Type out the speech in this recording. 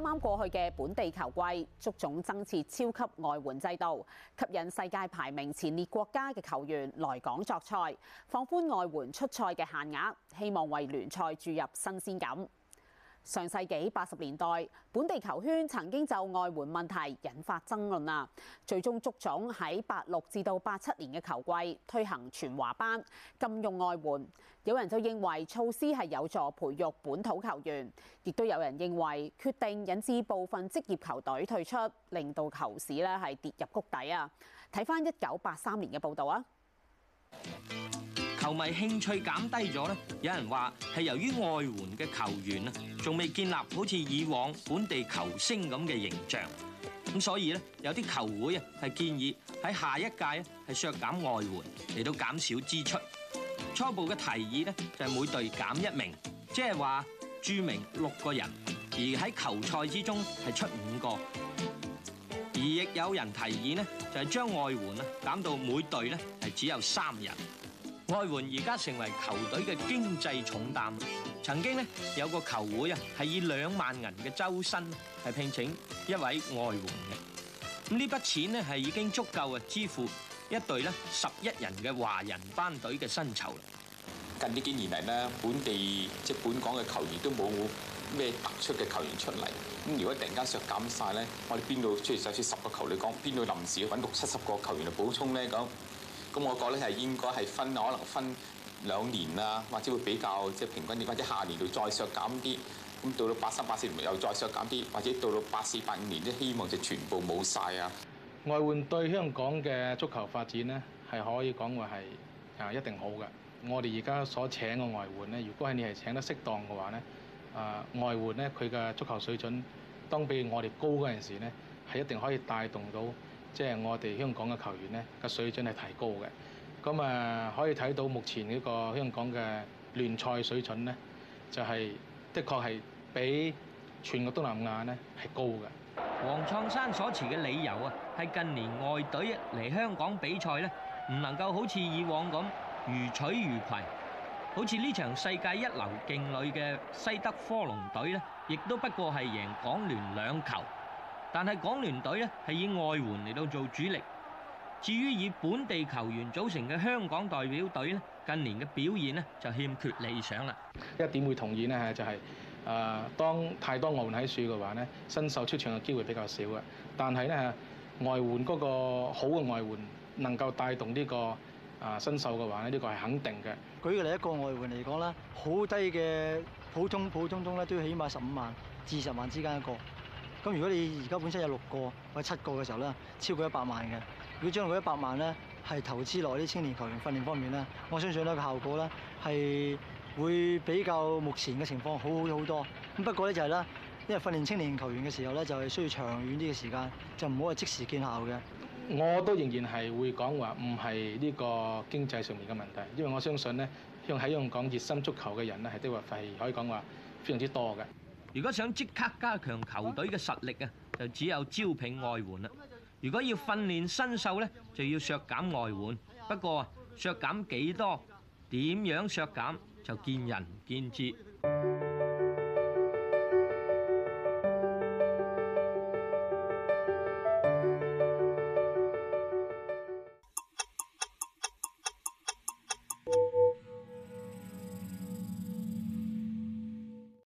啱啱過去嘅本地球季，足總增設超級外援制度，吸引世界排名前列國家嘅球員來港作賽，放寬外援出賽嘅限額，希望為聯賽注入新鮮感。上世紀八十年代，本地球圈曾經就外援問題引發爭論啊，最終足總喺八六至到八七年嘅球季推行全華班，禁用外援。有人就認為措施係有助培育本土球員，亦都有人認為決定引致部分職業球隊退出，令到球市呢係跌入谷底啊。睇翻一九八三年嘅報導啊！同埋球迷興趣減低咗呢，有人話係由於外援嘅球員啊，仲未建立好似以往本地球星咁嘅形象，咁所以呢有啲球會啊係建議喺下一屆啊係削減外援嚟到減少支出。初步嘅提議呢就係每隊減一名，即係話注明六個人，而喺球賽之中係出五個。而亦有人提議呢就係將外援啊減到每隊呢係只有三人。外援而家成為球隊嘅經濟重擔。曾經咧有個球會啊，係以兩萬人嘅周薪係聘請一位外援嘅。咁呢筆錢咧係已經足夠啊支付一隊咧十一人嘅華人班隊嘅薪酬。近呢幾年嚟咧，本地即本港嘅球員都冇咩突出嘅球員出嚟。咁如果突然間削減晒咧，我哋邊度即係就算十個球隊講，邊度臨時揾六七十個球員嚟補充咧咁？咁我覺得係應該係分，可能分兩年啦，或者會比較即係平均啲，或者下年度再削減啲，咁到到八三八四年又再削減啲，或者到到八四八五年咧，希望就全部冇曬啊！外援對香港嘅足球發展咧，係可以講話係啊一定好嘅。我哋而家所請嘅外援咧，如果係你係請得適當嘅話咧，啊外援咧佢嘅足球水準當比我哋高嗰陣時咧，係一定可以帶動到。即係我哋香港嘅球員呢個水準係提高嘅。咁啊，可以睇到目前呢個香港嘅聯賽水準呢，就係的確係比全個東南亞呢係高嘅。黃創山所持嘅理由啊，係近年外隊嚟香港比賽呢，唔能夠好似以往咁如取如攜。好似呢場世界一流勁旅嘅西德科隆隊呢，亦都不過係贏港聯兩球。但係港聯隊咧係以外援嚟到做主力，至於以本地球員組成嘅香港代表隊咧，近年嘅表現咧就欠缺理想啦。一點會同意咧，就係、是、誒當太多外援喺處嘅話咧，新秀出場嘅機會比較少嘅。但係咧，外援嗰個好嘅外援能夠帶動呢個啊新秀嘅話咧，呢、這個係肯定嘅。舉個例，一個外援嚟講啦，好低嘅普通普通通咧，都起碼十五萬至十萬之間一個。咁如果你而家本身有六個或者七個嘅時候咧，超過一百萬嘅。如果將嗰一百萬咧係投資落啲青年球員訓練方面咧，我相信咧個效果咧係會比較目前嘅情況好好好多。咁不過咧就係咧，因為訓練青年球員嘅時候咧就係需要長遠啲嘅時間，就唔好話即時見效嘅。我都仍然係會講話，唔係呢個經濟上面嘅問題，因為我相信咧，喺香港熱心足球嘅人咧係的話，係可以講話非常之多嘅。如果想即刻加強球隊嘅實力啊，就只有招聘外援啦。如果要訓練新秀咧，就要削減外援。不過，削減幾多、點樣削減就見仁見智。